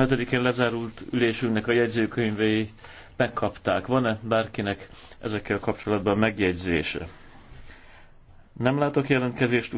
A hetedikén lezárult ülésünknek a jegyzőkönyvei megkapták. Van-e bárkinek ezekkel kapcsolatban megjegyzése? Nem látok jelentkezést,